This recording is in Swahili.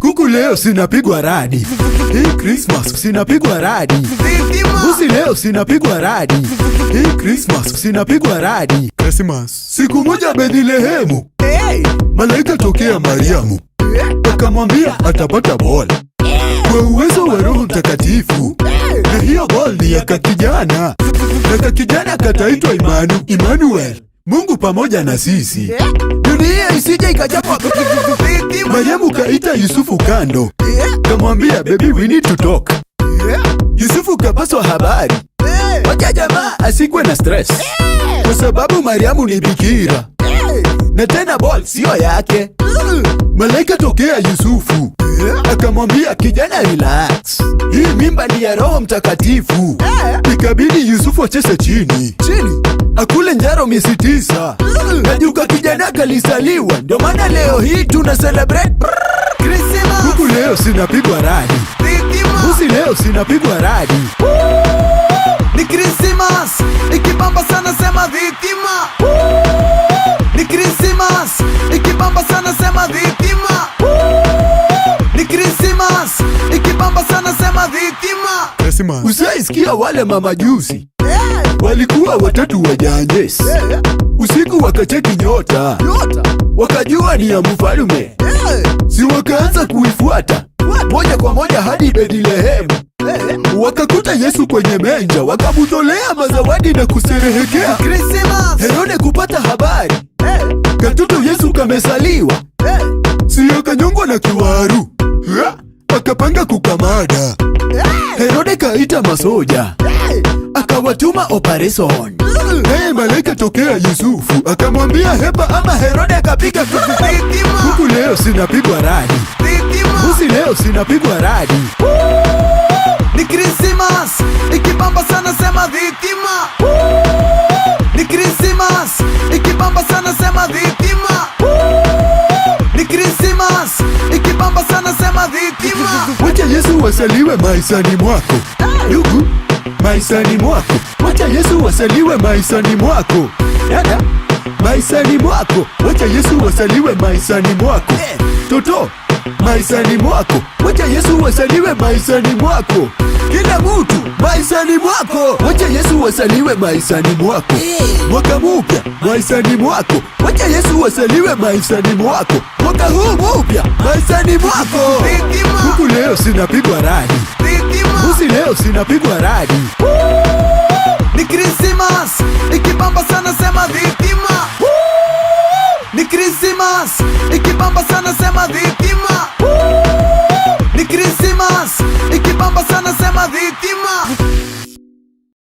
Kuku leo sinapigwa radi. Hii Christmas sinapigwa radi. Mbuzi leo sinapigwa radi. Hii Christmas sinapigwa radi. Christmas. Siku moja Bethlehemu. Malaika tokea Mariamu. Akamwambia atapata bol Kwa uwezo wa Roho Mtakatifu. Na hiyo bol ni ya kakijana. Na kakijana kataitwa Imanu, Immanuel. Mungu pamoja na sisi. Dunia isije ikajaa Tukaita Yusufu kando, kamwambia baby we need to talk. Yusufu kapaswa habari, wacha jamaa asikwe na stress, kwa sababu Mariamu ni bikira na tena ball siyo yake. Malaika tokea Yusufu akamwambia kijana, relax, hii mimba ni ya Roho Mtakatifu. Ikabidi Yusufu achese chini chini, akule njaro miezi tisa. Najuka kijana kalisaliwa, ndio maana leo hii tuna celebrate leo sinapigwa radi, mbuzi leo sinapigwa radi. Ni Christmas ikibamba sana, sema vitima. Ni Christmas ikibamba sana, sema vitima. Ni Christmas ikibamba sana, sema vitima. dhikima. Usaisikia wale mama juzi walikuwa watatu wajanyesi, usiku wakacheki nyota, wakajua ni ya mfalume Walinzi wakaanza kuifuata moja kwa moja hadi Bethlehemu. Wakakuta Yesu kwenye menja, wakamutolea mazawadi na kusherehekea Krismasi. Herode kupata habari katoto Yesu kamesaliwa, siyo kanyongwa na kiwaru, akapanga kukamada. Herode kaita masoja, akawatuma operation Hey, malaika tokea Yusufu akamwambia Heba ama Herode akapiga fufu. Huku leo sinapigwa radi, husi leo sinapigwa radi. Ni Krismas ikibamba sana, sema dhikima. Ni Krismas ikibamba sana, sema dhikima. Ni Krismas ikibamba sana, sema dhikima. Wacha Yesu wasaliwe maisani mwako, ndugu, maisani mwako Wacha Yesu wasaliwe maishani mwako dada, eh, eh. maishani mwako. Wacha Yesu wasaliwe maishani mwako eh. toto, maishani mwako. Wacha Yesu wasaliwe maishani mwako kila mtu maishani mwako. Wacha Yesu wasaliwe maishani mwako mwaka mupya maishani mwako. Wacha Yesu wasaliwe maishani mwako mwaka huu mupya maishani mwako. Huku leo sinapigwa radi, huku leo sinapigwa radi